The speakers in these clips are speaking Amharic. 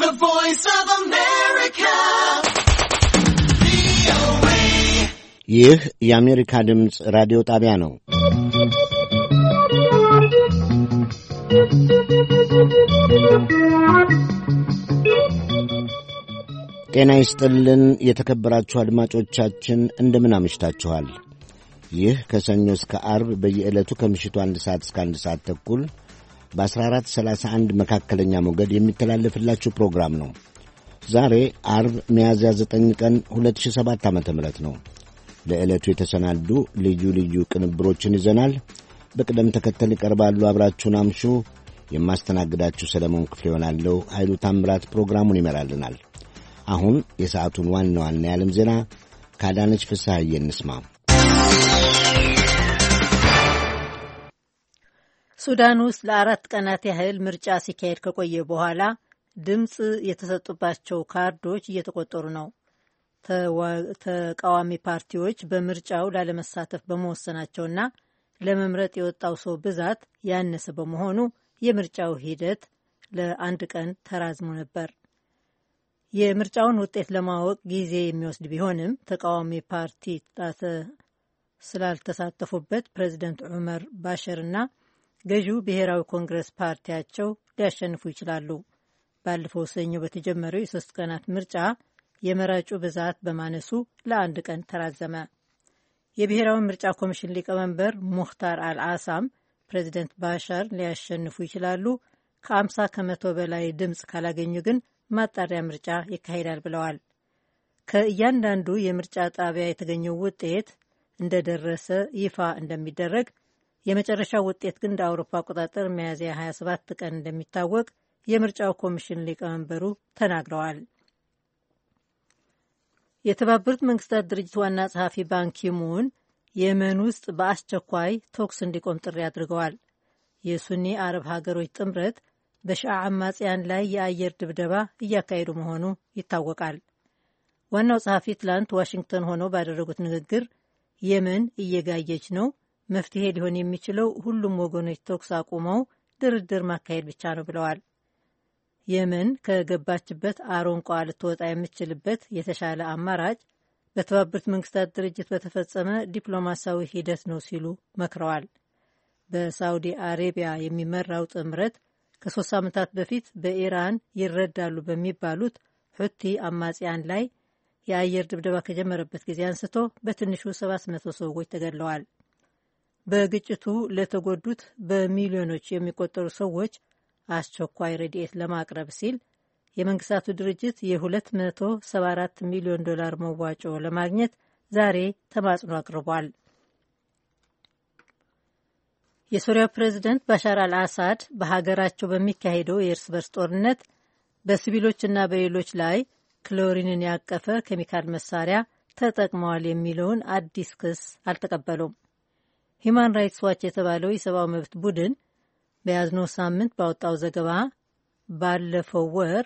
The Voice of America. ይህ የአሜሪካ ድምፅ ራዲዮ ጣቢያ ነው። ጤና ይስጥልን የተከበራችሁ አድማጮቻችን እንደምን አምሽታችኋል? ይህ ከሰኞ እስከ አርብ በየዕለቱ ከምሽቱ አንድ ሰዓት እስከ አንድ ሰዓት ተኩል በ1431 መካከለኛ ሞገድ የሚተላለፍላችሁ ፕሮግራም ነው። ዛሬ አርብ ሚያዝያ 9 ቀን 2007 ዓ ም ነው። ለዕለቱ የተሰናዱ ልዩ ልዩ ቅንብሮችን ይዘናል። በቅደም ተከተል ይቀርባሉ። አብራችሁን አምሹ። የማስተናግዳችሁ ሰለሞን ክፍሌ ይሆናለሁ። ኃይሉ ታምራት ፕሮግራሙን ይመራልናል። አሁን የሰዓቱን ዋና ዋና የዓለም ዜና ከአዳነች ፍስሐዬ እንስማ። ሱዳን ውስጥ ለአራት ቀናት ያህል ምርጫ ሲካሄድ ከቆየ በኋላ ድምፅ የተሰጡባቸው ካርዶች እየተቆጠሩ ነው። ተቃዋሚ ፓርቲዎች በምርጫው ላለመሳተፍ በመወሰናቸውና ለመምረጥ የወጣው ሰው ብዛት ያነሰ በመሆኑ የምርጫው ሂደት ለአንድ ቀን ተራዝሞ ነበር። የምርጫውን ውጤት ለማወቅ ጊዜ የሚወስድ ቢሆንም ተቃዋሚ ፓርቲ ስላልተሳተፉበት ፕሬዚደንት ዑመር ባሸርና እና ገዢው ብሔራዊ ኮንግረስ ፓርቲያቸው ሊያሸንፉ ይችላሉ። ባለፈው ሰኞ በተጀመረው የሶስት ቀናት ምርጫ የመራጩ ብዛት በማነሱ ለአንድ ቀን ተራዘመ። የብሔራዊ ምርጫ ኮሚሽን ሊቀመንበር ሙህታር አልአሳም ፕሬዚደንት ባሻር ሊያሸንፉ ይችላሉ፣ ከአምሳ ከመቶ በላይ ድምፅ ካላገኙ ግን ማጣሪያ ምርጫ ይካሄዳል ብለዋል። ከእያንዳንዱ የምርጫ ጣቢያ የተገኘው ውጤት እንደደረሰ ይፋ እንደሚደረግ የመጨረሻው ውጤት ግን እንደ አውሮፓ አቆጣጠር ሚያዝያ 27 ቀን እንደሚታወቅ የምርጫው ኮሚሽን ሊቀመንበሩ ተናግረዋል። የተባበሩት መንግስታት ድርጅት ዋና ጸሐፊ ባንኪሙን የመን ውስጥ በአስቸኳይ ተኩስ እንዲቆም ጥሪ አድርገዋል። የሱኒ አረብ ሀገሮች ጥምረት በሺዓ አማጽያን ላይ የአየር ድብደባ እያካሄዱ መሆኑ ይታወቃል። ዋናው ጸሐፊ ትላንት ዋሽንግተን ሆነው ባደረጉት ንግግር የመን እየጋየች ነው መፍትሄ ሊሆን የሚችለው ሁሉም ወገኖች ተኩስ አቁመው ድርድር ማካሄድ ብቻ ነው ብለዋል። የመን ከገባችበት አሮንቋ ልትወጣ የምትችልበት የተሻለ አማራጭ በተባበሩት መንግስታት ድርጅት በተፈጸመ ዲፕሎማሲያዊ ሂደት ነው ሲሉ መክረዋል። በሳውዲ አሬቢያ የሚመራው ጥምረት ከሶስት ዓመታት በፊት በኢራን ይረዳሉ በሚባሉት ሑቲ አማጽያን ላይ የአየር ድብደባ ከጀመረበት ጊዜ አንስቶ በትንሹ 700 ሰዎች ተገድለዋል። በግጭቱ ለተጎዱት በሚሊዮኖች የሚቆጠሩ ሰዎች አስቸኳይ ረድኤት ለማቅረብ ሲል የመንግስታቱ ድርጅት የ274 ሚሊዮን ዶላር መዋጮ ለማግኘት ዛሬ ተማጽኖ አቅርቧል። የሱሪያው ፕሬዚደንት ባሻር አልአሳድ በሀገራቸው በሚካሄደው የእርስ በርስ ጦርነት በሲቪሎችና በሌሎች ላይ ክሎሪንን ያቀፈ ኬሚካል መሳሪያ ተጠቅመዋል የሚለውን አዲስ ክስ አልተቀበሉም። ሂማን ራይትስ ዋች የተባለው የሰብአዊ መብት ቡድን በያዝነው ሳምንት ባወጣው ዘገባ ባለፈው ወር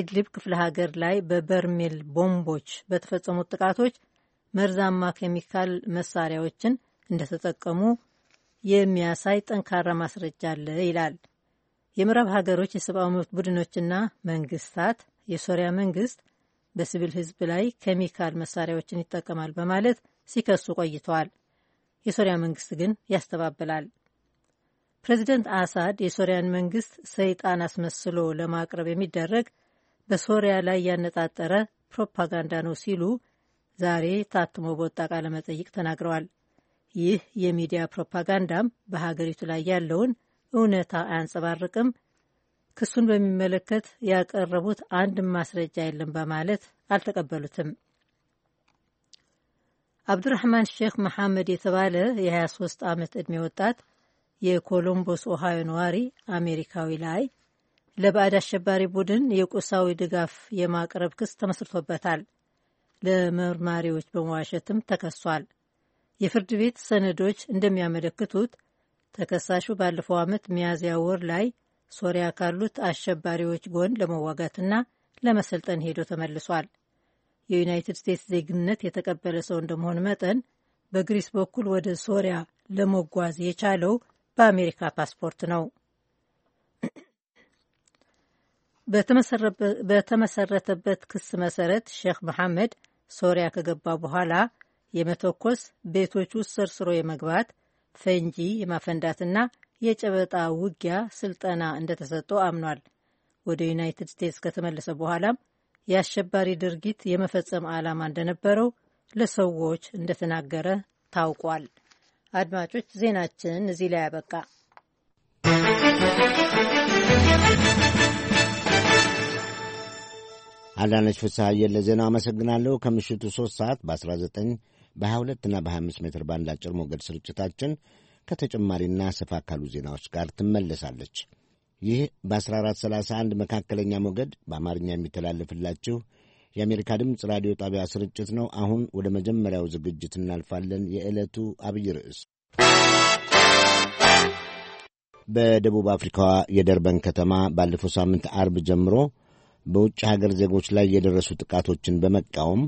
ኢድሊብ ክፍለ ሀገር ላይ በበርሜል ቦምቦች በተፈጸሙት ጥቃቶች መርዛማ ኬሚካል መሳሪያዎችን እንደተጠቀሙ የሚያሳይ ጠንካራ ማስረጃ አለ ይላል። የምዕራብ ሀገሮች የሰብአዊ መብት ቡድኖችና መንግስታት የሶሪያ መንግስት በሲቪል ህዝብ ላይ ኬሚካል መሳሪያዎችን ይጠቀማል በማለት ሲከሱ ቆይተዋል። የሶሪያ መንግስት ግን ያስተባብላል። ፕሬዚደንት አሳድ የሶሪያን መንግስት ሰይጣን አስመስሎ ለማቅረብ የሚደረግ በሶሪያ ላይ ያነጣጠረ ፕሮፓጋንዳ ነው ሲሉ ዛሬ ታትሞ በወጣ ቃለ መጠይቅ ተናግረዋል። ይህ የሚዲያ ፕሮፓጋንዳም በሀገሪቱ ላይ ያለውን እውነታ አያንጸባርቅም፣ ክሱን በሚመለከት ያቀረቡት አንድ ማስረጃ የለም በማለት አልተቀበሉትም። አብዱራህማን ሼክ መሐመድ የተባለ የ23 ዓመት ዕድሜ ወጣት የኮሎምቦስ ኦሃዮ ነዋሪ አሜሪካዊ ላይ ለባዕድ አሸባሪ ቡድን የቁሳዊ ድጋፍ የማቅረብ ክስ ተመስርቶበታል። ለመርማሪዎች በመዋሸትም ተከሷል። የፍርድ ቤት ሰነዶች እንደሚያመለክቱት ተከሳሹ ባለፈው ዓመት ሚያዝያ ወር ላይ ሶሪያ ካሉት አሸባሪዎች ጎን ለመዋጋትና ለመሰልጠን ሄዶ ተመልሷል። የዩናይትድ ስቴትስ ዜግነት የተቀበለ ሰው እንደመሆን መጠን በግሪስ በኩል ወደ ሶሪያ ለመጓዝ የቻለው በአሜሪካ ፓስፖርት ነው። በተመሰረተበት ክስ መሰረት ሼክ መሐመድ ሶሪያ ከገባ በኋላ የመተኮስ ቤቶች ውስጥ ሰርስሮ የመግባት ፈንጂ የማፈንዳትና የጨበጣ ውጊያ ስልጠና እንደተሰጠው አምኗል። ወደ ዩናይትድ ስቴትስ ከተመለሰ በኋላም የአሸባሪ ድርጊት የመፈጸም ዓላማ እንደነበረው ለሰዎች እንደተናገረ ታውቋል። አድማጮች ዜናችን እዚህ ላይ አበቃ። አዳነች ፍስሐዬን ለዜናው አመሰግናለሁ። ከምሽቱ 3 ሰዓት በ19 በ22 እና በ25 ሜትር ባንድ አጭር ሞገድ ስርጭታችን ከተጨማሪና ሰፋ ካሉ ዜናዎች ጋር ትመለሳለች። ይህ በ1431 መካከለኛ ሞገድ በአማርኛ የሚተላለፍላችሁ የአሜሪካ ድምፅ ራዲዮ ጣቢያ ስርጭት ነው። አሁን ወደ መጀመሪያው ዝግጅት እናልፋለን። የዕለቱ አብይ ርዕስ በደቡብ አፍሪካዋ የደርበን ከተማ ባለፈው ሳምንት አርብ ጀምሮ በውጭ ሀገር ዜጎች ላይ የደረሱ ጥቃቶችን በመቃወም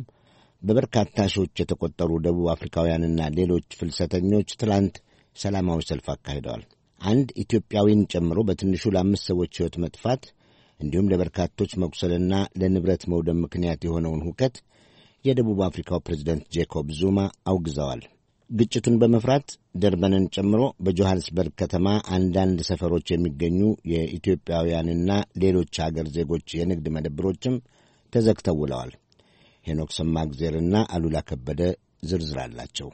በበርካታ ሺዎች የተቆጠሩ ደቡብ አፍሪካውያንና ሌሎች ፍልሰተኞች ትላንት ሰላማዊ ሰልፍ አካሂደዋል። አንድ ኢትዮጵያዊን ጨምሮ በትንሹ ለአምስት ሰዎች ሕይወት መጥፋት እንዲሁም ለበርካቶች መቁሰልና ለንብረት መውደም ምክንያት የሆነውን ሁከት የደቡብ አፍሪካው ፕሬዝደንት ጄኮብ ዙማ አውግዘዋል። ግጭቱን በመፍራት ደርበንን ጨምሮ በጆሐንስበርግ ከተማ አንዳንድ ሰፈሮች የሚገኙ የኢትዮጵያውያንና ሌሎች አገር ዜጎች የንግድ መደብሮችም ተዘግተው ውለዋል። ሄኖክ ሰማግዜርና አሉላ ከበደ ዝርዝር አላቸው።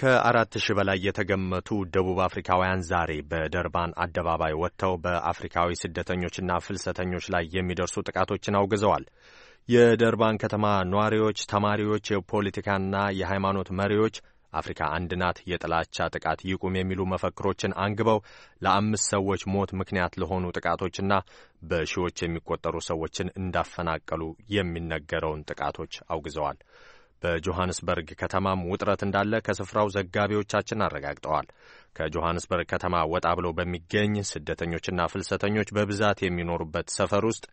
ከአራት ሺህ በላይ የተገመቱ ደቡብ አፍሪካውያን ዛሬ በደርባን አደባባይ ወጥተው በአፍሪካዊ ስደተኞችና ፍልሰተኞች ላይ የሚደርሱ ጥቃቶችን አውግዘዋል። የደርባን ከተማ ነዋሪዎች፣ ተማሪዎች፣ የፖለቲካና የሃይማኖት መሪዎች አፍሪካ አንድ ናት፣ የጥላቻ ጥቃት ይቁም የሚሉ መፈክሮችን አንግበው ለአምስት ሰዎች ሞት ምክንያት ለሆኑ ጥቃቶችና በሺዎች የሚቆጠሩ ሰዎችን እንዳፈናቀሉ የሚነገረውን ጥቃቶች አውግዘዋል። በጆሐንስበርግ ከተማም ውጥረት እንዳለ ከስፍራው ዘጋቢዎቻችን አረጋግጠዋል። ከጆሐንስበርግ ከተማ ወጣ ብሎ በሚገኝ ስደተኞችና ፍልሰተኞች በብዛት የሚኖሩበት ሰፈር ውስጥ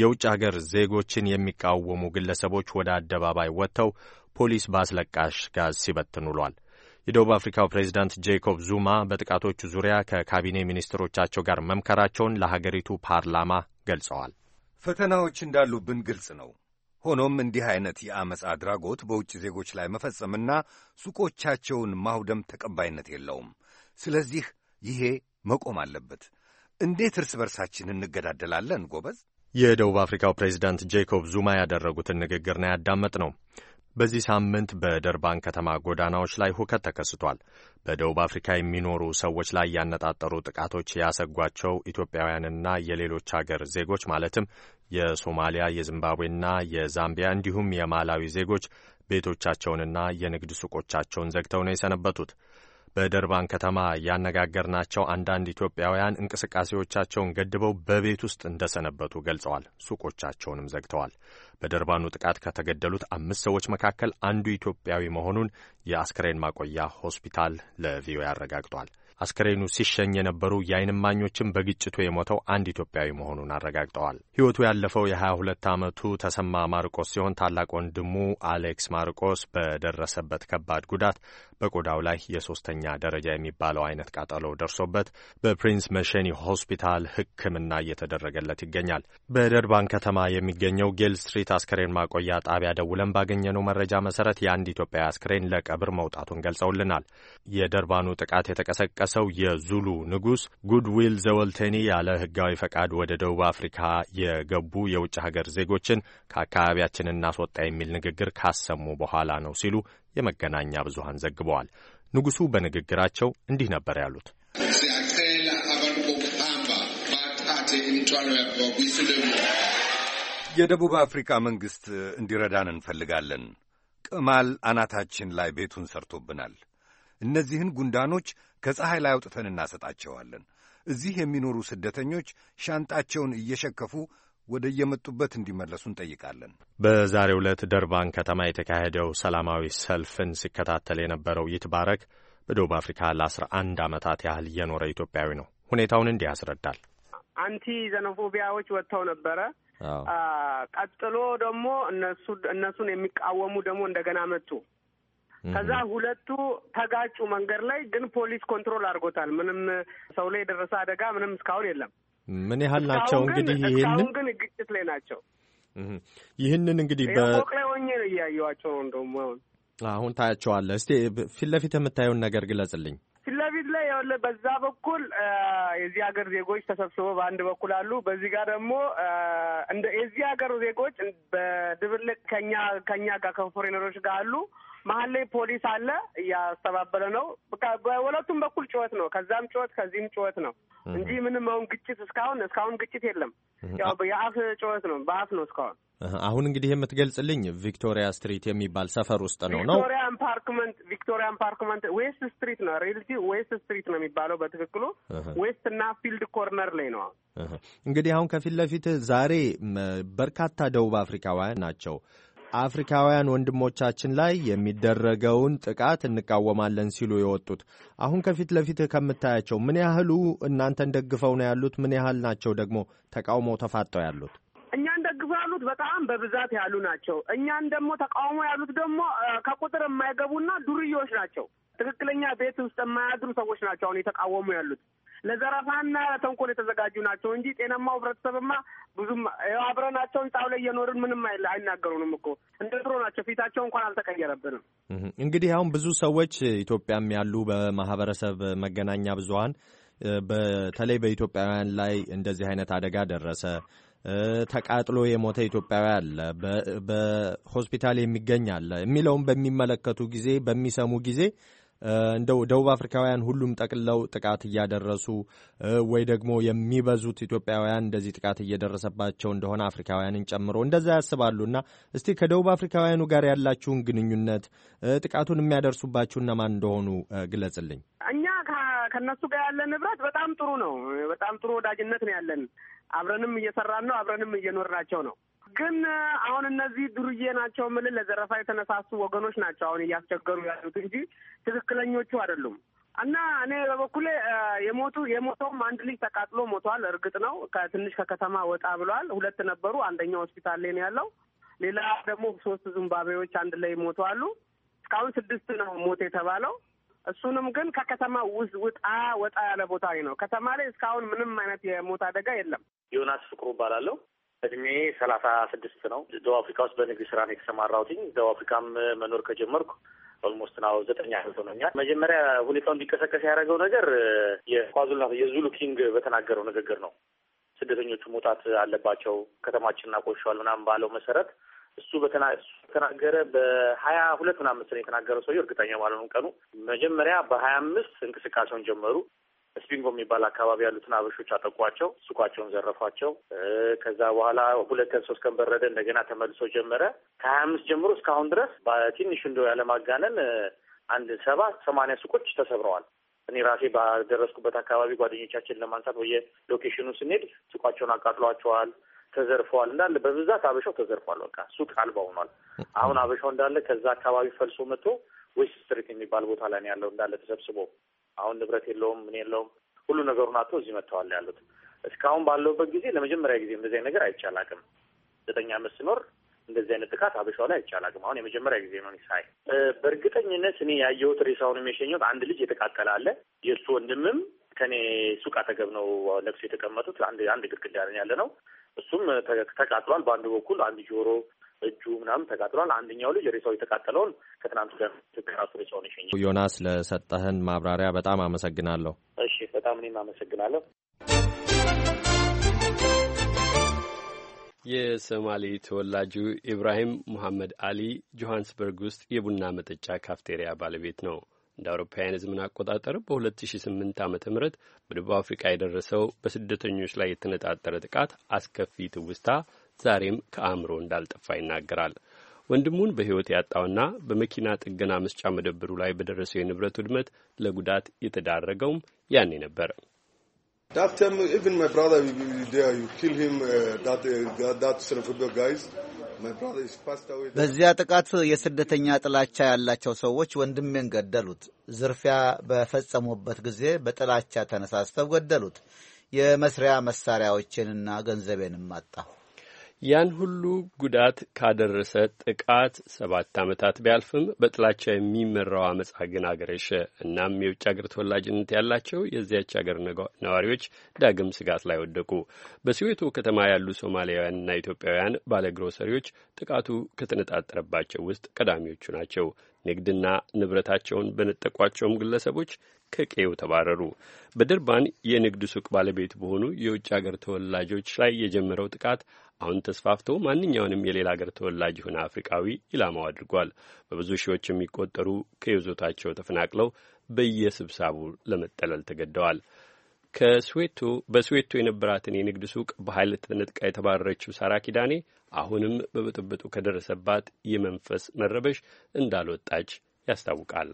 የውጭ አገር ዜጎችን የሚቃወሙ ግለሰቦች ወደ አደባባይ ወጥተው ፖሊስ በአስለቃሽ ጋዝ ሲበትን ውሏል። የደቡብ አፍሪካው ፕሬዚዳንት ጄኮብ ዙማ በጥቃቶቹ ዙሪያ ከካቢኔ ሚኒስትሮቻቸው ጋር መምከራቸውን ለሀገሪቱ ፓርላማ ገልጸዋል። ፈተናዎች እንዳሉብን ግልጽ ነው። ሆኖም እንዲህ አይነት የአመፅ አድራጎት በውጭ ዜጎች ላይ መፈጸምና ሱቆቻቸውን ማውደም ተቀባይነት የለውም። ስለዚህ ይሄ መቆም አለበት። እንዴት እርስ በርሳችን እንገዳደላለን? ጎበዝ የደቡብ አፍሪካው ፕሬዚዳንት ጄኮብ ዙማ ያደረጉትን ንግግር ነው ያዳመጥ ነው። በዚህ ሳምንት በደርባን ከተማ ጎዳናዎች ላይ ሁከት ተከስቷል። በደቡብ አፍሪካ የሚኖሩ ሰዎች ላይ ያነጣጠሩ ጥቃቶች ያሰጓቸው ኢትዮጵያውያንና የሌሎች አገር ዜጎች ማለትም የሶማሊያ የዚምባብዌና የዛምቢያ እንዲሁም የማላዊ ዜጎች ቤቶቻቸውንና የንግድ ሱቆቻቸውን ዘግተው ነው የሰነበቱት። በደርባን ከተማ ያነጋገርናቸው አንዳንድ ኢትዮጵያውያን እንቅስቃሴዎቻቸውን ገድበው በቤት ውስጥ እንደሰነበቱ ገልጸዋል። ሱቆቻቸውንም ዘግተዋል። በደርባኑ ጥቃት ከተገደሉት አምስት ሰዎች መካከል አንዱ ኢትዮጵያዊ መሆኑን የአስክሬን ማቆያ ሆስፒታል ለቪኦኤ አረጋግጧል። አስከሬኑ ሲሸኝ የነበሩ የዓይን እማኞችም በግጭቱ የሞተው አንድ ኢትዮጵያዊ መሆኑን አረጋግጠዋል። ሕይወቱ ያለፈው የ22 ዓመቱ ተሰማ ማርቆስ ሲሆን ታላቅ ወንድሙ አሌክስ ማርቆስ በደረሰበት ከባድ ጉዳት በቆዳው ላይ የሶስተኛ ደረጃ የሚባለው አይነት ቃጠሎ ደርሶበት በፕሪንስ መሸኒ ሆስፒታል ሕክምና እየተደረገለት ይገኛል። በደርባን ከተማ የሚገኘው ጌል ስትሪት አስከሬን ማቆያ ጣቢያ ደውለን ባገኘነው መረጃ መሰረት የአንድ ኢትዮጵያዊ አስከሬን ለቀብር መውጣቱን ገልጸውልናል። የደርባኑ ጥቃት የተቀሰቀ የተጠቀሰው የዙሉ ንጉሥ ጉድዊል ዘወልቴኒ ያለ ሕጋዊ ፈቃድ ወደ ደቡብ አፍሪካ የገቡ የውጭ ሀገር ዜጎችን ከአካባቢያችን እናስወጣ የሚል ንግግር ካሰሙ በኋላ ነው ሲሉ የመገናኛ ብዙሃን ዘግበዋል። ንጉሡ በንግግራቸው እንዲህ ነበር ያሉት። የደቡብ አፍሪካ መንግሥት እንዲረዳን እንፈልጋለን። ቅማል አናታችን ላይ ቤቱን ሰርቶብናል። እነዚህን ጉንዳኖች ከፀሐይ ላይ አውጥተን እናሰጣቸዋለን። እዚህ የሚኖሩ ስደተኞች ሻንጣቸውን እየሸከፉ ወደ የመጡበት እንዲመለሱ እንጠይቃለን። በዛሬው ዕለት ደርባን ከተማ የተካሄደው ሰላማዊ ሰልፍን ሲከታተል የነበረው ይትባረክ በደቡብ አፍሪካ ለአስራ አንድ ዓመታት ያህል እየኖረ ኢትዮጵያዊ ነው። ሁኔታውን እንዲህ ያስረዳል። አንቲ ዘኖፎቢያዎች ወጥተው ነበረ። ቀጥሎ ደግሞ እነሱን የሚቃወሙ ደግሞ እንደገና መጡ። ከዛ ሁለቱ ተጋጩ መንገድ ላይ ግን ፖሊስ ኮንትሮል አድርጎታል። ምንም ሰው ላይ የደረሰ አደጋ ምንም እስካሁን የለም። ምን ያህል ናቸው እንግዲህ ይህንን ግን ግጭት ላይ ናቸው። ይህንን እንግዲህ ፎቅ ላይ ሆኜ ነው እያየኋቸው ነው። እንደውም አሁን አሁን ታያቸዋለህ። እስቲ ፊት ለፊት የምታየውን ነገር ግለጽልኝ። ፊት ለፊት ላይ በዛ በኩል የዚህ ሀገር ዜጎች ተሰብስበው በአንድ በኩል አሉ። በዚህ ጋር ደግሞ እንደ የዚህ ሀገር ዜጎች በድብልቅ ከኛ ከኛ ጋር ከፎሬነሮች ጋር አሉ። መሀል ላይ ፖሊስ አለ እያስተባበለ ነው። በሁለቱም በኩል ጩኸት ነው። ከዛም ጩኸት፣ ከዚህም ጩኸት ነው እንጂ ምንም አሁን ግጭት እስካሁን እስካሁን ግጭት የለም። ያው የአፍ ጩኸት ነው፣ በአፍ ነው እስካሁን። አሁን እንግዲህ የምትገልጽልኝ ቪክቶሪያ ስትሪት የሚባል ሰፈር ውስጥ ነው ነው ቪክቶሪያ ፓርክመንት ቪክቶሪያ ፓርክመንት ዌስት ስትሪት ነው ሪልቲ ዌስት ስትሪት ነው የሚባለው በትክክሉ ዌስት እና ፊልድ ኮርነር ላይ ነው። እንግዲህ አሁን ከፊት ለፊት ዛሬ በርካታ ደቡብ አፍሪካውያን ናቸው አፍሪካውያን ወንድሞቻችን ላይ የሚደረገውን ጥቃት እንቃወማለን ሲሉ የወጡት አሁን ከፊት ለፊት ከምታያቸው ምን ያህሉ እናንተን ደግፈው ነው ያሉት? ምን ያህል ናቸው ደግሞ ተቃውሞ ተፋጠው ያሉት? እኛን ደግፈው ያሉት በጣም በብዛት ያሉ ናቸው። እኛን ደግሞ ተቃውሞ ያሉት ደግሞ ከቁጥር የማይገቡና ዱርዮች ናቸው። ትክክለኛ ቤት ውስጥ የማያድሩ ሰዎች ናቸው አሁን የተቃወሙ ያሉት። ለዘረፋና ተንኮል የተዘጋጁ ናቸው እንጂ ጤናማው ህብረተሰብማ ብዙም አብረናቸው ጣው ላይ እየኖርን ምንም አይናገሩንም እኮ እንደ ድሮ ናቸው። ፊታቸው እንኳን አልተቀየረብንም። እንግዲህ አሁን ብዙ ሰዎች ኢትዮጵያም ያሉ በማህበረሰብ መገናኛ ብዙሀን በተለይ በኢትዮጵያውያን ላይ እንደዚህ አይነት አደጋ ደረሰ ተቃጥሎ የሞተ ኢትዮጵያዊ አለ፣ በሆስፒታል የሚገኝ አለ የሚለውን በሚመለከቱ ጊዜ በሚሰሙ ጊዜ እንደው ደቡብ አፍሪካውያን ሁሉም ጠቅለው ጥቃት እያደረሱ ወይ ደግሞ የሚበዙት ኢትዮጵያውያን እንደዚህ ጥቃት እየደረሰባቸው እንደሆነ አፍሪካውያንን ጨምሮ እንደዛ ያስባሉ እና እስቲ ከደቡብ አፍሪካውያኑ ጋር ያላችሁን ግንኙነት ጥቃቱን የሚያደርሱባችሁ እነማን እንደሆኑ ግለጽልኝ። እኛ ከእነሱ ጋር ያለን ንብረት በጣም ጥሩ ነው። በጣም ጥሩ ወዳጅነት ነው ያለን። አብረንም እየሰራን ነው። አብረንም እየኖርናቸው ነው። ግን አሁን እነዚህ ዱርዬ ናቸው ምል ለዘረፋ የተነሳሱ ወገኖች ናቸው አሁን እያስቸገሩ ያሉት እንጂ ትክክለኞቹ አይደሉም። እና እኔ በበኩሌ የሞቱ የሞተውም አንድ ልጅ ተቃጥሎ ሞቷል። እርግጥ ነው ከትንሽ ከከተማ ወጣ ብሏል። ሁለት ነበሩ። አንደኛው ሆስፒታል ላይ ነው ያለው። ሌላ ደግሞ ሶስት ዙምባብዌዎች አንድ ላይ አሉ። እስካሁን ስድስት ነው ሞት የተባለው። እሱንም ግን ከከተማ ውስጥ ውጣ ወጣ ያለ ቦታ ነው። ከተማ ላይ እስካሁን ምንም አይነት የሞት አደጋ የለም። ዮናስ ፍቅሩ እባላለሁ። እድሜ ሰላሳ ስድስት ነው። ደቡብ አፍሪካ ውስጥ በንግድ ስራ ነው የተሰማራሁትኝ። ደቡብ አፍሪካም መኖር ከጀመርኩ ኦልሞስት ናው ዘጠኝ ያህል ሆኖኛል። መጀመሪያ ሁኔታው እንዲቀሰቀስ ያደረገው ነገር የኳዙላ የዙሉ ኪንግ በተናገረው ንግግር ነው። ስደተኞቹ መውጣት አለባቸው፣ ከተማችን እናቆሸዋል ምናምን ባለው መሰረት እሱ በተናገረ በሀያ ሁለት ምናምን መሰለኝ የተናገረው ሰውዬው እርግጠኛ ማለት ቀኑ። መጀመሪያ በሀያ አምስት እንቅስቃሴውን ጀመሩ። ስሊንጎ የሚባል አካባቢ ያሉትን አበሾች አጠቋቸው፣ ሱቃቸውን ዘረፏቸው። ከዛ በኋላ ሁለት ቀን ሶስት ቀን በረደ፣ እንደገና ተመልሶ ጀመረ። ከሀያ አምስት ጀምሮ እስካሁን ድረስ በትንሽ እንደው ያለማጋነን አንድ ሰባ ሰማንያ ሱቆች ተሰብረዋል። እኔ ራሴ ባደረስኩበት አካባቢ ጓደኞቻችን ለማንሳት ወየ ሎኬሽኑ ስንሄድ ሱቃቸውን አቃጥሏቸዋል፣ ተዘርፈዋል። እንዳለ በብዛት አበሻው ተዘርፏል። በቃ ሱቅ አልባ ሆኗል። አሁን አበሻው እንዳለ ከዛ አካባቢ ፈልሶ መጥቶ ዌስት ስትሪት የሚባል ቦታ ላይ ነው ያለው። እንዳለ ተሰብስቦ አሁን ንብረት የለውም ምን የለውም ሁሉ ነገሩን አቶ እዚህ መጥተዋል ያሉት። እስካሁን ባለውበት ጊዜ ለመጀመሪያ ጊዜ እንደዚህ ነገር አይቻላቅም። ዘጠኝ ዓመት ስኖር እንደዚህ አይነት ጥቃት አበሻው ላይ አይቻላቅም። አሁን የመጀመሪያ ጊዜ ነው ሳይ። በእርግጠኝነት እኔ ያየሁት ሬሳውን የሚያሸኘት አንድ ልጅ የተቃጠለ አለ። የእሱ ወንድምም ከኔ ሱቅ አጠገብ ነው ለብሶ የተቀመጡት። አንድ አንድ ግድግዳ ያለ ነው። እሱም ተቃጥሏል። በአንድ በኩል አንድ ጆሮ እጁ ምናምን ተቃጥሏል። አንደኛው ልጅ ሬሳው የተቃጠለውን ከትናንት ሬሳው ሬሳውን ይሸኛል። ዮናስ ለሰጠህን ማብራሪያ በጣም አመሰግናለሁ። እሺ፣ በጣም እኔም አመሰግናለሁ። የሶማሌ ተወላጁ ኢብራሂም ሙሐመድ አሊ ጆሃንስበርግ ውስጥ የቡና መጠጫ ካፍቴሪያ ባለቤት ነው። እንደ አውሮፓውያን ዘመን አቆጣጠር በ2008 ዓ ም በደቡብ አፍሪካ የደረሰው በስደተኞች ላይ የተነጣጠረ ጥቃት አስከፊ ትውስታ ዛሬም ከአእምሮ እንዳልጠፋ ይናገራል። ወንድሙን በሕይወት ያጣውና በመኪና ጥገና መስጫ መደብሩ ላይ በደረሰው የንብረት ውድመት ለጉዳት የተዳረገውም ያኔ ነበር። በዚያ ጥቃት የስደተኛ ጥላቻ ያላቸው ሰዎች ወንድሜን ገደሉት። ዝርፊያ በፈጸሙበት ጊዜ በጥላቻ ተነሳስተው ገደሉት። የመስሪያ መሳሪያዎችንና ገንዘቤንም አጣሁ። ያን ሁሉ ጉዳት ካደረሰ ጥቃት ሰባት ዓመታት ቢያልፍም በጥላቻ የሚመራው አመፃ ግን አገረሸ። እናም የውጭ አገር ተወላጅነት ያላቸው የዚያች አገር ነዋሪዎች ዳግም ስጋት ላይ ወደቁ። በሲዌቶ ከተማ ያሉ ሶማሊያውያንና ኢትዮጵያውያን ባለግሮሰሪዎች ጥቃቱ ከተነጣጠረባቸው ውስጥ ቀዳሚዎቹ ናቸው። ንግድና ንብረታቸውን በነጠቋቸውም ግለሰቦች ከቀዬው ተባረሩ። በደርባን የንግድ ሱቅ ባለቤት በሆኑ የውጭ አገር ተወላጆች ላይ የጀመረው ጥቃት አሁን ተስፋፍቶ ማንኛውንም የሌላ አገር ተወላጅ የሆነ አፍሪካዊ ኢላማው አድርጓል። በብዙ ሺዎች የሚቆጠሩ ከይዞታቸው ተፈናቅለው በየስብሳቡ ለመጠለል ተገደዋል። ከስዌቶ በስዌቶ የነበራትን የንግድ ሱቅ በኃይል ተነጥቃ የተባረረችው ሳራ ኪዳኔ አሁንም በብጥብጡ ከደረሰባት የመንፈስ መረበሽ እንዳልወጣች ያስታውቃል።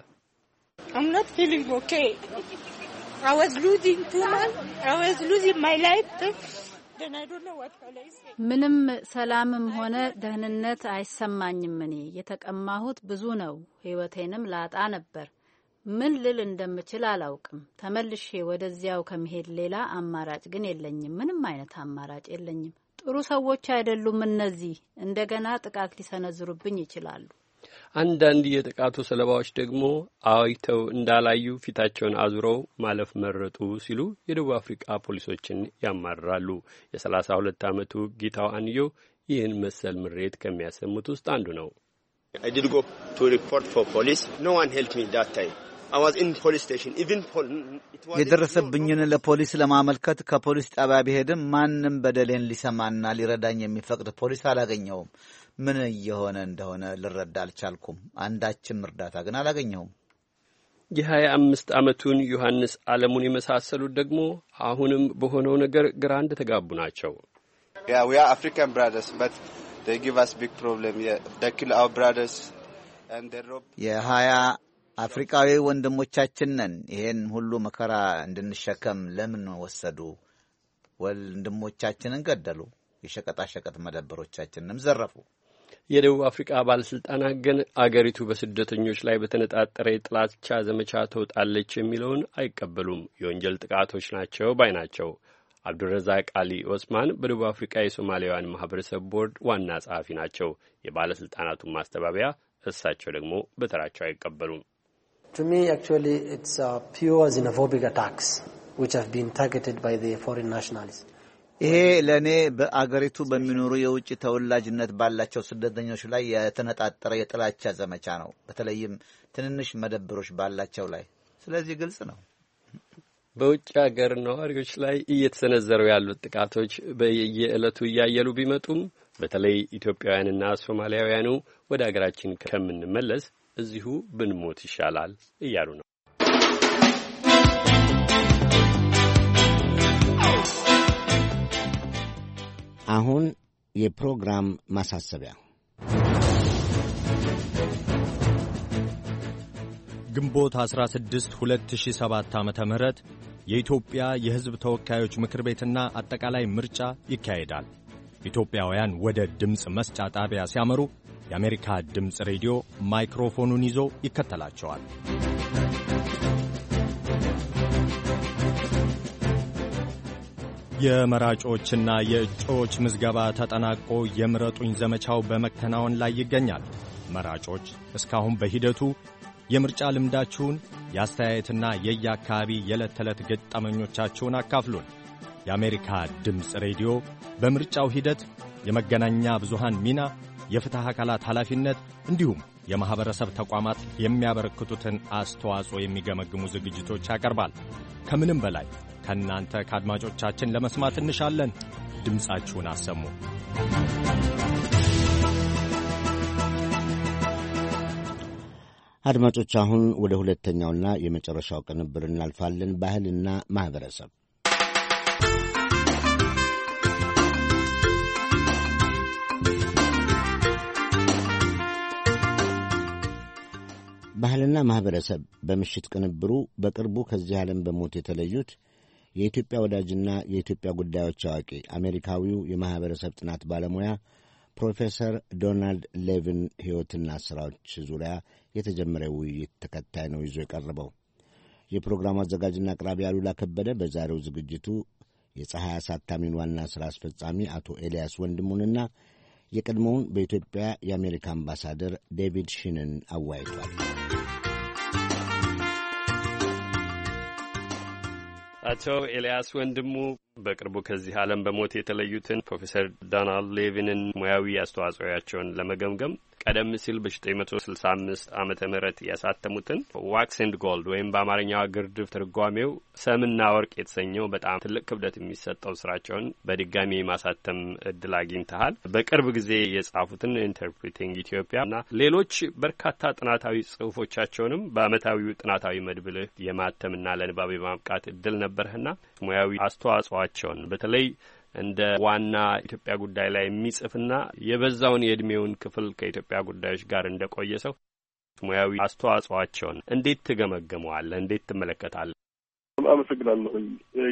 ምንም ሰላምም ሆነ ደህንነት አይሰማኝም። እኔ የተቀማሁት ብዙ ነው። ሕይወቴንም ላጣ ነበር። ምን ልል እንደምችል አላውቅም። ተመልሼ ወደዚያው ከመሄድ ሌላ አማራጭ ግን የለኝም። ምንም አይነት አማራጭ የለኝም። ጥሩ ሰዎች አይደሉም እነዚህ። እንደገና ጥቃት ሊሰነዝሩብኝ ይችላሉ። አንዳንድ የጥቃቱ ሰለባዎች ደግሞ አይተው እንዳላዩ ፊታቸውን አዙረው ማለፍ መረጡ ሲሉ የደቡብ አፍሪቃ ፖሊሶችን ያማርራሉ። የሰላሳ ሁለት ዓመቱ ጊታው አንዮ ይህን መሰል ምሬት ከሚያሰሙት ውስጥ አንዱ ነው። የደረሰብኝን ለፖሊስ ለማመልከት ከፖሊስ ጣቢያ ብሄድም ማንም በደሌን ሊሰማና ሊረዳኝ የሚፈቅድ ፖሊስ አላገኘውም። ምን እየሆነ እንደሆነ ልረዳ አልቻልኩም። አንዳችም እርዳታ ግን አላገኘሁም። የሀያ አምስት ዓመቱን ዮሐንስ አለሙን የመሳሰሉት ደግሞ አሁንም በሆነው ነገር ግራ እንደተጋቡ ናቸው። አፍሪካን ብራደርስ በት ጊቭ ቢግ ፕሮብለም ደኪል ብራደርስ የሀያ አፍሪካዊ ወንድሞቻችን ነን። ይሄን ሁሉ መከራ እንድንሸከም ለምን ወሰዱ? ወንድሞቻችንን ገደሉ። የሸቀጣሸቀጥ መደብሮቻችንንም ዘረፉ። የደቡብ አፍሪቃ ባለስልጣናት ግን አገሪቱ በስደተኞች ላይ በተነጣጠረ የጥላቻ ዘመቻ ተውጣለች የሚለውን አይቀበሉም። የወንጀል ጥቃቶች ናቸው ባይ ናቸው። አብዱረዛቅ አሊ ኦስማን በደቡብ አፍሪቃ የሶማሊያውያን ማህበረሰብ ቦርድ ዋና ጸሐፊ ናቸው። የባለሥልጣናቱን ማስተባበያ እሳቸው ደግሞ በተራቸው አይቀበሉም። ሚ ይሄ ለእኔ በአገሪቱ በሚኖሩ የውጭ ተወላጅነት ባላቸው ስደተኞች ላይ የተነጣጠረ የጥላቻ ዘመቻ ነው፣ በተለይም ትንንሽ መደብሮች ባላቸው ላይ። ስለዚህ ግልጽ ነው በውጭ ሀገር ነዋሪዎች ላይ እየተሰነዘሩ ያሉት ጥቃቶች በየዕለቱ እያየሉ ቢመጡም በተለይ ኢትዮጵያውያንና ሶማሊያውያኑ ወደ አገራችን ከምንመለስ እዚሁ ብንሞት ይሻላል እያሉ ነው። አሁን የፕሮግራም ማሳሰቢያ ግንቦት 16 2007 ዓ ም የኢትዮጵያ የሕዝብ ተወካዮች ምክር ቤትና አጠቃላይ ምርጫ ይካሄዳል። ኢትዮጵያውያን ወደ ድምፅ መስጫ ጣቢያ ሲያመሩ የአሜሪካ ድምፅ ሬዲዮ ማይክሮፎኑን ይዞ ይከተላቸዋል። የመራጮችና የእጩዎች ምዝገባ ተጠናቆ የምረጡኝ ዘመቻው በመከናወን ላይ ይገኛል። መራጮች እስካሁን በሂደቱ የምርጫ ልምዳችሁን የአስተያየትና የየአካባቢ የዕለት ተዕለት ገጠመኞቻችሁን አካፍሉን። የአሜሪካ ድምፅ ሬዲዮ በምርጫው ሂደት የመገናኛ ብዙሃን ሚና የፍትህ አካላት ኃላፊነት እንዲሁም የማኅበረሰብ ተቋማት የሚያበረክቱትን አስተዋጽኦ የሚገመግሙ ዝግጅቶች ያቀርባል። ከምንም በላይ ከእናንተ ከአድማጮቻችን ለመስማት እንሻለን። ድምፃችሁን አሰሙ። አድማጮች፣ አሁን ወደ ሁለተኛውና የመጨረሻው ቅንብር እናልፋለን። ባህልና ማኅበረሰብ ባህልና ማኅበረሰብ በምሽት ቅንብሩ በቅርቡ ከዚህ ዓለም በሞት የተለዩት የኢትዮጵያ ወዳጅና የኢትዮጵያ ጉዳዮች አዋቂ አሜሪካዊው የማኅበረሰብ ጥናት ባለሙያ ፕሮፌሰር ዶናልድ ሌቪን ሕይወትና ሥራዎች ዙሪያ የተጀመረ ውይይት ተከታይ ነው ይዞ የቀረበው። የፕሮግራሙ አዘጋጅና አቅራቢ አሉላ ከበደ በዛሬው ዝግጅቱ የፀሐይ አሳታሚን ዋና ሥራ አስፈጻሚ አቶ ኤልያስ ወንድሙንና የቀድሞውን በኢትዮጵያ የአሜሪካ አምባሳደር ዴቪድ ሺንን አወያይቷል። አቶ ኤልያስ ወንድሙ በቅርቡ ከዚህ ዓለም በሞት የተለዩትን ፕሮፌሰር ዶናልድ ሌቪንን ሙያዊ አስተዋጽኦያቸውን ለመገምገም ቀደም ሲል በ 65 ዓመተ ምህረት ያሳተሙትን ዋክስ ጎልድ ወይም በአማርኛዋ ግርድፍ ትርጓሜው ሰምና ወርቅ የተሰኘው በጣም ትልቅ ክብደት የሚሰጠው ስራቸውን በድጋሚ ማሳተም እድል አግኝተሃል። በቅርብ ጊዜ የጻፉትን ኢንተርፕሪቲንግ ኢትዮጵያ እና ሌሎች በርካታ ጥናታዊ ጽሁፎቻቸውንም በአመታዊው ጥናታዊ መድብልህ የማተምና ለንባብ የማብቃት እድል ነበርህና ሙያዊ አስተዋጽኦአቸውን በተለይ እንደ ዋና ኢትዮጵያ ጉዳይ ላይ የሚጽፍና የበዛውን የእድሜውን ክፍል ከኢትዮጵያ ጉዳዮች ጋር እንደቆየ ሰው ሙያዊ አስተዋጽዋቸውን እንዴት ትገመግመዋለህ? እንዴት ትመለከታለህ? አመሰግናለሁ።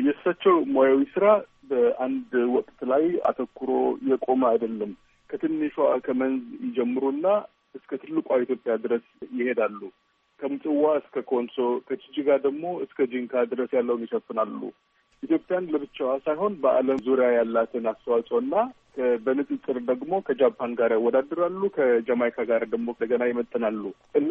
የእሳቸው ሙያዊ ስራ በአንድ ወቅት ላይ አተኩሮ የቆመ አይደለም። ከትንሿ ከመንዝ ይጀምሩና እስከ ትልቋ ኢትዮጵያ ድረስ ይሄዳሉ። ከምጽዋ እስከ ኮንሶ፣ ከጅጅጋ ደግሞ እስከ ጂንካ ድረስ ያለውን ይሸፍናሉ። ኢትዮጵያን ለብቻዋ ሳይሆን በዓለም ዙሪያ ያላትን አስተዋጽኦና በንጽጽር ደግሞ ከጃፓን ጋር ያወዳድራሉ፣ ከጀማይካ ጋር ደግሞ እንደገና ይመጥናሉ እና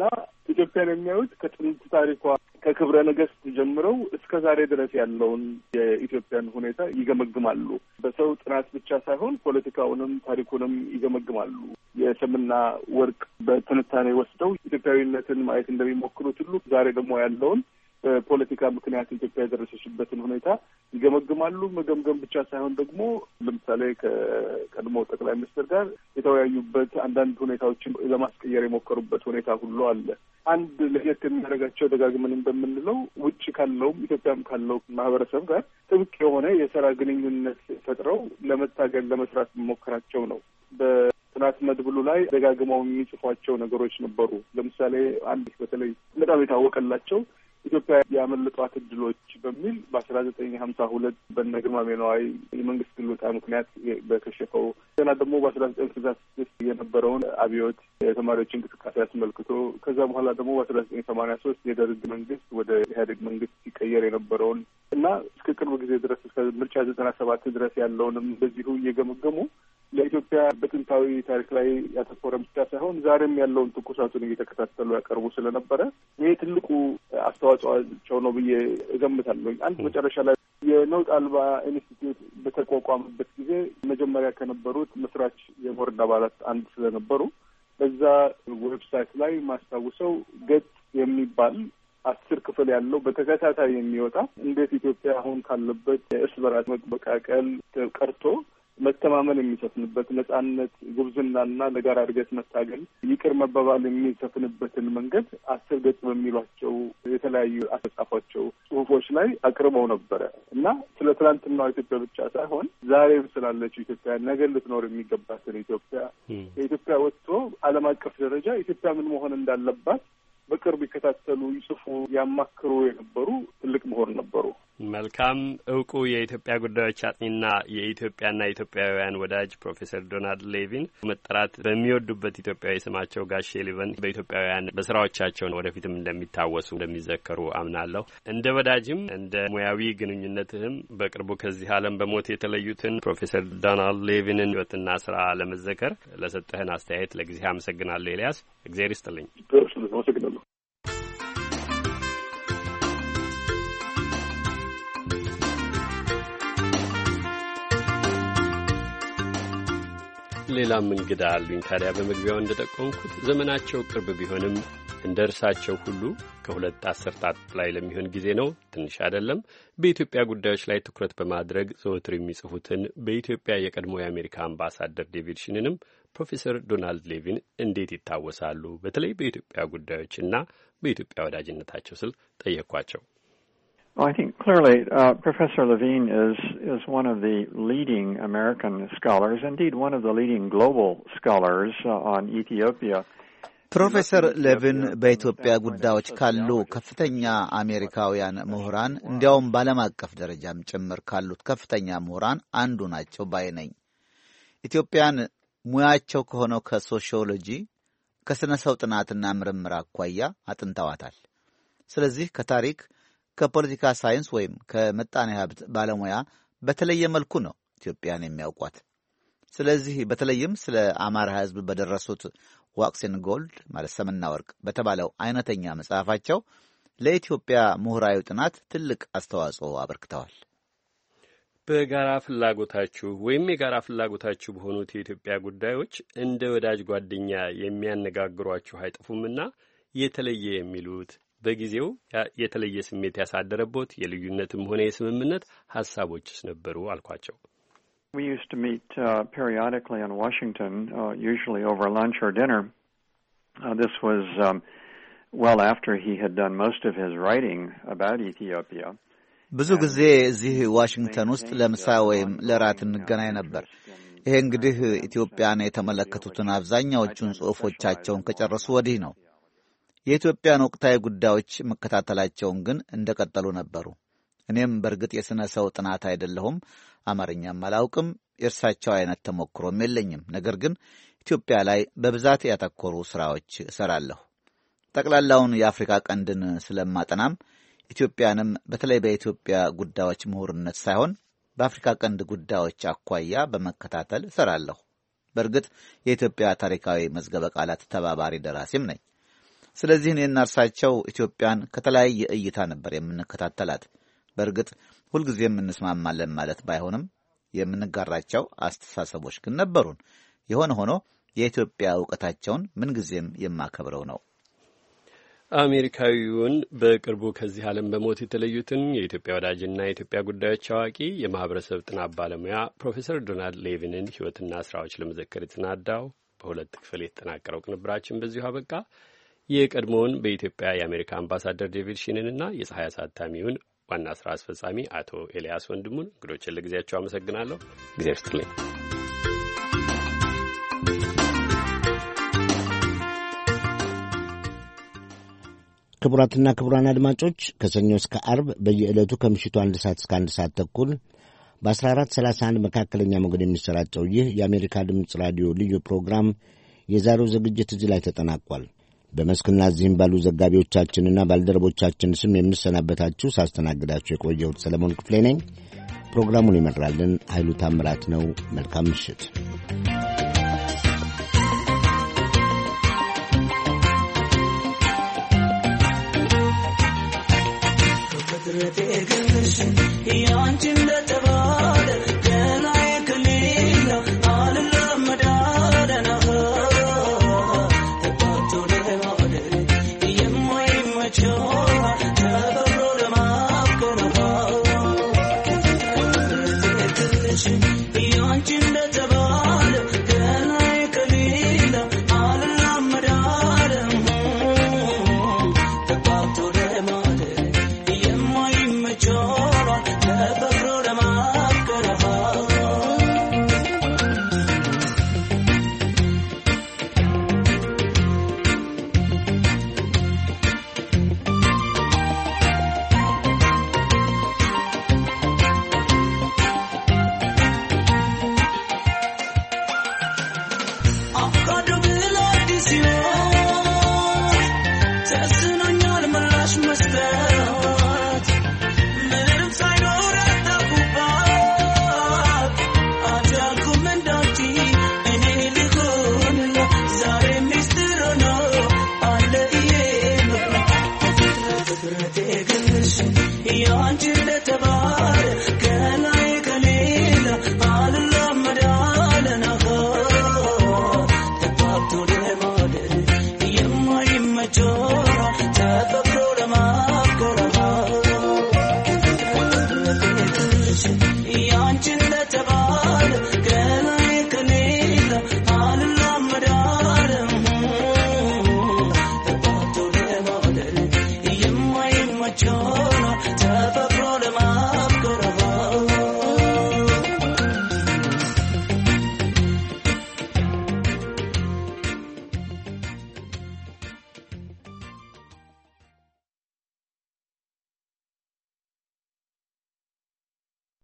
ኢትዮጵያን የሚያዩት ከጥንት ታሪኳ ከክብረ ነገስት ጀምረው እስከ ዛሬ ድረስ ያለውን የኢትዮጵያን ሁኔታ ይገመግማሉ። በሰው ጥናት ብቻ ሳይሆን ፖለቲካውንም ታሪኩንም ይገመግማሉ። የሰምና ወርቅ በትንታኔ ወስደው ኢትዮጵያዊነትን ማየት እንደሚሞክሩት ሁሉ ዛሬ ደግሞ ያለውን በፖለቲካ ምክንያት ኢትዮጵያ የደረሰችበትን ሁኔታ ይገመግማሉ። መገምገም ብቻ ሳይሆን ደግሞ ለምሳሌ ከቀድሞ ጠቅላይ ሚኒስትር ጋር የተወያዩበት አንዳንድ ሁኔታዎችን ለማስቀየር የሞከሩበት ሁኔታ ሁሉ አለ። አንድ ለየት የሚያደርጋቸው ደጋግመን እንደምንለው ውጭ ካለውም ኢትዮጵያም ካለው ማህበረሰብ ጋር ጥብቅ የሆነ የስራ ግንኙነት ፈጥረው ለመታገል ለመስራት መሞከራቸው ነው። በጥናት መድብሉ ላይ ደጋግመው የሚጽፏቸው ነገሮች ነበሩ። ለምሳሌ አንድ በተለይ በጣም የታወቀላቸው ኢትዮጵያ ያመለጧት እድሎች በሚል በአስራ ዘጠኝ ሀምሳ ሁለት በነ ግርማ ሜነዋይ የመንግስት ግልበጣ ምክንያት በከሸፈው ገና ደግሞ በአስራ ዘጠኝ ስልሳ ስድስት የነበረውን አብዮት የተማሪዎች እንቅስቃሴ አስመልክቶ ከዛ በኋላ ደግሞ በአስራ ዘጠኝ ሰማኒያ ሶስት የደርግ መንግስት ወደ ኢህአዴግ መንግስት ሲቀየር የነበረውን እና እስከ ቅርብ ጊዜ ድረስ እስከ ምርጫ ዘጠና ሰባት ድረስ ያለውንም እንደዚሁ እየገመገሙ ለኢትዮጵያ በጥንታዊ ታሪክ ላይ ያተኮረ ብቻ ሳይሆን ዛሬም ያለውን ትኩሳቱን እየተከታተሉ ያቀርቡ ስለነበረ ይሄ ትልቁ አስተዋጽኦቸው ነው ብዬ እገምታለሁ። አንድ መጨረሻ ላይ የነውጥ አልባ ኢንስቲትዩት በተቋቋመበት ጊዜ መጀመሪያ ከነበሩት መስራች የቦርድ አባላት አንድ ስለነበሩ በዛ ዌብሳይት ላይ ማስታውሰው ገጽ የሚባል አስር ክፍል ያለው በተከታታይ የሚወጣ እንዴት ኢትዮጵያ አሁን ካለበት የእርስ በራስ መበቃቀል ቀርቶ መተማመን የሚሰፍንበት ነጻነት፣ ጉብዝናና ለጋራ እድገት መታገል፣ ይቅር መባባል የሚሰፍንበትን መንገድ አስር ገጽ በሚሏቸው የተለያዩ አተጻፏቸው ጽሁፎች ላይ አቅርበው ነበረ እና ስለ ትናንትናዋ ኢትዮጵያ ብቻ ሳይሆን ዛሬም ስላለችው ኢትዮጵያ፣ ነገ ልትኖር የሚገባትን ኢትዮጵያ ከኢትዮጵያ ወጥቶ ዓለም አቀፍ ደረጃ ኢትዮጵያ ምን መሆን እንዳለባት በቅርብ ይከታተሉ፣ ይጽፉ፣ ያማክሩ የነበሩ ትልቅ ምሁር ነበሩ። መልካም እውቁ የኢትዮጵያ ጉዳዮች አጥኚና የኢትዮጵያና ኢትዮጵያውያን ወዳጅ ፕሮፌሰር ዶናልድ ሌቪን መጠራት በሚወዱበት ኢትዮጵያዊ ስማቸው ጋሼ ሊቨን በኢትዮጵያውያን በስራዎቻቸውን ወደፊትም እንደሚታወሱ እንደሚዘከሩ አምናለሁ። እንደ ወዳጅም እንደ ሙያዊ ግንኙነትህም በቅርቡ ከዚህ ዓለም በሞት የተለዩትን ፕሮፌሰር ዶናልድ ሌቪንን ሕይወትና ስራ ለመዘከር ለሰጠህን አስተያየት ለጊዜ አመሰግናለሁ። ኤልያስ እግዜር ይስጥልኝ። ሌላም እንግዳ አሉኝ። ታዲያ በመግቢያው እንደጠቆምኩት ዘመናቸው ቅርብ ቢሆንም እንደ እርሳቸው ሁሉ ከሁለት አስርታት ላይ ለሚሆን ጊዜ ነው፣ ትንሽ አይደለም። በኢትዮጵያ ጉዳዮች ላይ ትኩረት በማድረግ ዘወትር የሚጽፉትን በኢትዮጵያ የቀድሞ የአሜሪካ አምባሳደር ዴቪድ ሽንንም ፕሮፌሰር ዶናልድ ሌቪን እንዴት ይታወሳሉ? በተለይ በኢትዮጵያ ጉዳዮችና በኢትዮጵያ ወዳጅነታቸው ስል ጠየኳቸው። Well, I think clearly uh, Professor Levine is is one of the leading American scholars, indeed one of the leading global scholars uh, on Ethiopia. ፕሮፌሰር ሌቪን በኢትዮጵያ ጉዳዮች ካሉ ከፍተኛ አሜሪካውያን ምሁራን እንዲያውም በዓለም አቀፍ ደረጃም ጭምር ካሉት ከፍተኛ ምሁራን አንዱ ናቸው ባይ ነኝ። ኢትዮጵያን ሙያቸው ከሆነው ከሶሺዮሎጂ ከሥነ ሰው ጥናትና ምርምር አኳያ አጥንተዋታል። ስለዚህ ከታሪክ ከፖለቲካ ሳይንስ ወይም ከምጣኔ ሀብት ባለሙያ በተለየ መልኩ ነው ኢትዮጵያን የሚያውቋት። ስለዚህ በተለይም ስለ አማራ ሕዝብ በደረሱት ዋክሲን ጎልድ ማለት ሰምና ወርቅ በተባለው አይነተኛ መጽሐፋቸው ለኢትዮጵያ ምሁራዊ ጥናት ትልቅ አስተዋጽኦ አበርክተዋል። በጋራ ፍላጎታችሁ ወይም የጋራ ፍላጎታችሁ በሆኑት የኢትዮጵያ ጉዳዮች እንደ ወዳጅ ጓደኛ የሚያነጋግሯችሁ አይጠፉምና የተለየ የሚሉት በጊዜው የተለየ ስሜት ያሳደረቦት የልዩነትም ሆነ የስምምነት ሀሳቦችስ ነበሩ አልኳቸው። We used to meet uh, periodically in Washington, uh, usually over lunch or dinner. Uh, this was um, well after he had done most of his writing about Ethiopia. ብዙ ጊዜ እዚህ ዋሽንግተን ውስጥ ለምሳ ወይም ለራት እንገናኝ ነበር። ይሄ እንግዲህ ኢትዮጵያን የተመለከቱትን አብዛኛዎቹን ጽሑፎቻቸውን ከጨረሱ ወዲህ ነው። የኢትዮጵያን ወቅታዊ ጉዳዮች መከታተላቸውን ግን እንደቀጠሉ ነበሩ። እኔም በእርግጥ የሥነ ሰው ጥናት አይደለሁም፣ አማርኛም አላውቅም፣ የእርሳቸው አይነት ተሞክሮም የለኝም። ነገር ግን ኢትዮጵያ ላይ በብዛት ያተኮሩ ሥራዎች እሠራለሁ። ጠቅላላውን የአፍሪካ ቀንድን ስለማጠናም ኢትዮጵያንም በተለይ በኢትዮጵያ ጉዳዮች ምሁርነት ሳይሆን በአፍሪካ ቀንድ ጉዳዮች አኳያ በመከታተል እሠራለሁ። በእርግጥ የኢትዮጵያ ታሪካዊ መዝገበ ቃላት ተባባሪ ደራሲም ነኝ። ስለዚህ እኔና እርሳቸው ኢትዮጵያን ከተለያየ እይታ ነበር የምንከታተላት። በእርግጥ ሁልጊዜ የምንስማማለን ማለት ባይሆንም የምንጋራቸው አስተሳሰቦች ግን ነበሩን። የሆነ ሆኖ የኢትዮጵያ እውቀታቸውን ምንጊዜም የማከብረው ነው። አሜሪካዊውን በቅርቡ ከዚህ ዓለም በሞት የተለዩትን የኢትዮጵያ ወዳጅና የኢትዮጵያ ጉዳዮች አዋቂ የማህበረሰብ ጥናት ባለሙያ ፕሮፌሰር ዶናልድ ሌቪንን ሕይወትና ስራዎች ለመዘከር የተናዳው በሁለት ክፍል የተጠናቀረው ቅንብራችን በዚሁ አበቃ። የቀድሞውን በኢትዮጵያ የአሜሪካ አምባሳደር ዴቪድ ሺንንና የፀሐይ አሳታሚውን ዋና ስራ አስፈጻሚ አቶ ኤልያስ ወንድሙን እንግዶችን ለጊዜያቸው አመሰግናለሁ። ጊዜ ይስጥልኝ። ክቡራትና ክቡራን አድማጮች ከሰኞ እስከ አርብ በየዕለቱ ከምሽቱ አንድ ሰዓት እስከ አንድ ሰዓት ተኩል በ1431 መካከለኛ ሞገድ የሚሰራጨው ይህ የአሜሪካ ድምፅ ራዲዮ ልዩ ፕሮግራም የዛሬው ዝግጅት እዚህ ላይ ተጠናቋል። በመስክና እዚህም ባሉ ዘጋቢዎቻችንና ባልደረቦቻችን ስም የምሰናበታችሁ ሳስተናግዳችሁ የቆየሁት ሰለሞን ክፍሌ ነኝ። ፕሮግራሙን ይመራልን ኃይሉ ታምራት ነው። መልካም ምሽት። You're